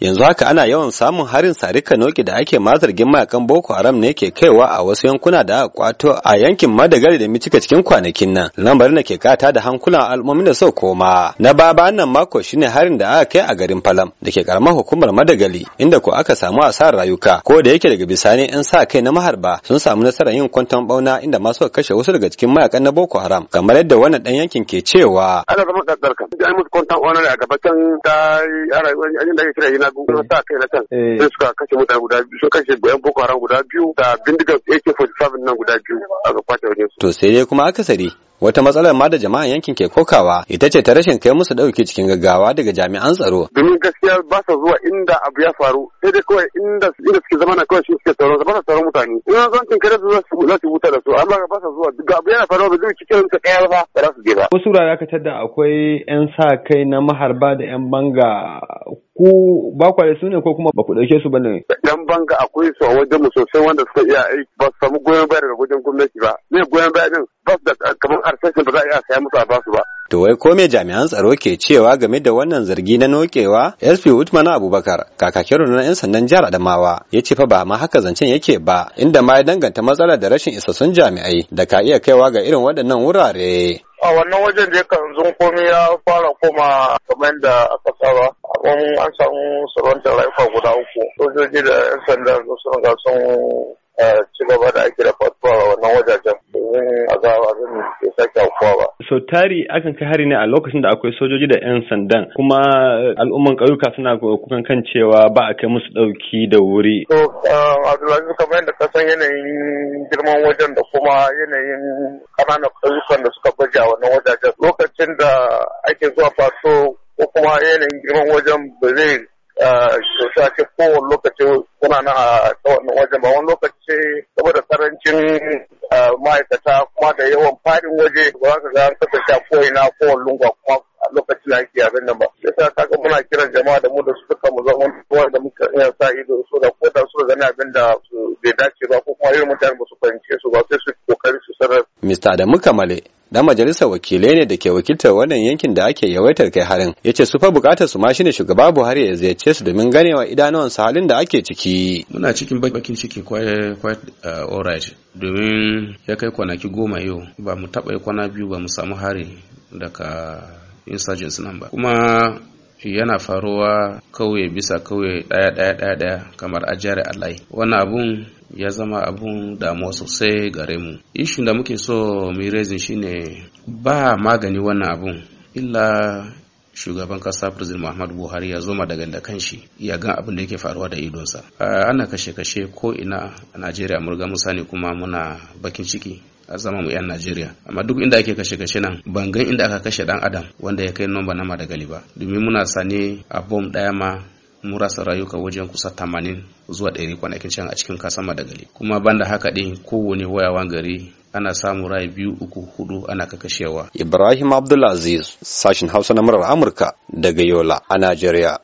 yanzu haka ana yawan samun harin sarika noki da ake mazargin zargin mayakan boko haram ne ke kaiwa a wasu yankuna da aka kwato a yankin madagari da micika cikin kwanakin nan lambarin da ke kata da hankulan al'ummomin da sau koma na baba nan mako shine harin da aka kai a garin falam da ke karamar hukumar madagali inda ko aka samu asarar rayuka ko da yake daga bisani yan sa kai na maharba sun samu nasarar yin kwanton bauna inda masu kashe wasu daga cikin mayakan na boko haram kamar yadda wannan dan yankin ke cewa ana zama da musu kwanton bauna a gabatan a rayuwar da na biyu sa eh. kai na kan eh. sai suka kashe mutane guda biyu suka kashe yan boko haram guda biyu da bindigar AK47 nan guda biyu aka kwace wajen su to sai dai kuma akasari wata matsalar ma da jama'an yankin ke kokawa ita ce ta rashin kai musu dauki cikin gaggawa daga jami'an tsaro domin gaskiya ba sa zuwa inda abu ya faru sai dai kawai inda inda suke zama na kawai shi suke tsaro ba sa tsaron mutane in an zancin kare su za su huta da su amma ba sa zuwa duk abu yana faruwa ba zai cikin su kayar ba ba za su je ba wasu wurare aka tada akwai yan sa kai na maharba da yan banga ku ba kwale su ne ko kuma ba ku dauke su ba ne. banga akwai su a wajen mu sosai wanda suka iya ai ba su samu goyon baya daga wajen gwamnati ba. Ne goyon baya din ba su da kamar arsashin ba za a iya saya musu a ba su ba. To wai ko me jami'an tsaro ke cewa game da wannan zargi na nokewa? SP Utman Abubakar, kakakin rundunar 'yan sandan jihar Adamawa, ya ce fa ba ma haka zancen yake ba, inda ma ya danganta matsalar da rashin isassun jami'ai da ka iya kaiwa ga irin waɗannan wurare. A wannan wajen da yakan zun komai ya fara koma kamar da aka saba. Abin an samu da laifa guda uku. Sojoji da 'yan sanda sun ga sun eh, ci gaba da ake da fatuwa a wannan wajajen domin a ga abin ke sake aukuwa ba. So tari akan kai hari ne a lokacin da akwai sojoji da 'yan sandan kuma eh, al'umman ƙauyuka suna kukan kan cewa ba a kai musu ɗauki da wuri. So eh, Abdulaziz kamar yadda ka san yanayin girman wajen da kuma yanayin ƙananan ƙauyukan da suka baje a wannan wajajen lokacin da ake zuwa faso ko kuma yanayin girman wajen ba zai ah, kyauta ce kowane lokaci kuna na a wannan wajen ba wani lokaci saboda karancin ah, ma'aikata kuma da yawan fadin waje ba za ka ga an kasance a ko'ina kowane lunga kuma lafiya abin nan ba yasa kaga muna kiran jama'a da mu da su duka mu zama wani da muka iya sa ido su da ko da su gani abin da bai dace ba ko kuma irin mutane ba su fahimce su ba sai su kokari su sanar. da Adamu Kamale dan majalisar wakilai ne da ke wakiltar wannan yankin da ake yawaitar kai harin ya ce su fa bukatar su ma shine shugaba buhari ya ziyarce su domin ganewa su halin da ake ciki muna cikin bakin ciki kwaye uh, alright domin ya kai kwanaki goma yau ba mu taɓa kwana biyu ba mu samu hari daga insurgents nan ba kuma yana faruwa kauye bisa kauye ɗaya ɗaya ɗaya ɗaya kamar ajiyar alai wannan abun ya zama abun damuwa sosai gare mu ishin da muke so mu yi shine ba magani wannan abun illa shugaban kasa president muhammadu buhari ya zoma daga da kanshi ya gan abin da yake faruwa da idonsa ana kashe-kashe ko ina a najeriya murga musani kuma muna bakin ciki a zama mu 'yan Najeriya. Amma duk inda ake kashe-kashe nan ban gan inda aka kashe dan adam wanda ya kai nomba na Madagali ba. Domin muna sane a bom ɗaya ma murasa rasa rayuka wajen kusa tamanin zuwa 100 kwanakin can a cikin kasan Madagali. Kuma banda haka ɗin kowane wayawan gari ana samu rai biyu uku hudu ana kakashewa. Ibrahim Abdulaziz sashin Hausa na murar Amurka daga Yola a Najeriya.